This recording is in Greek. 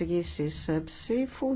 εξηγήσει ψήφου.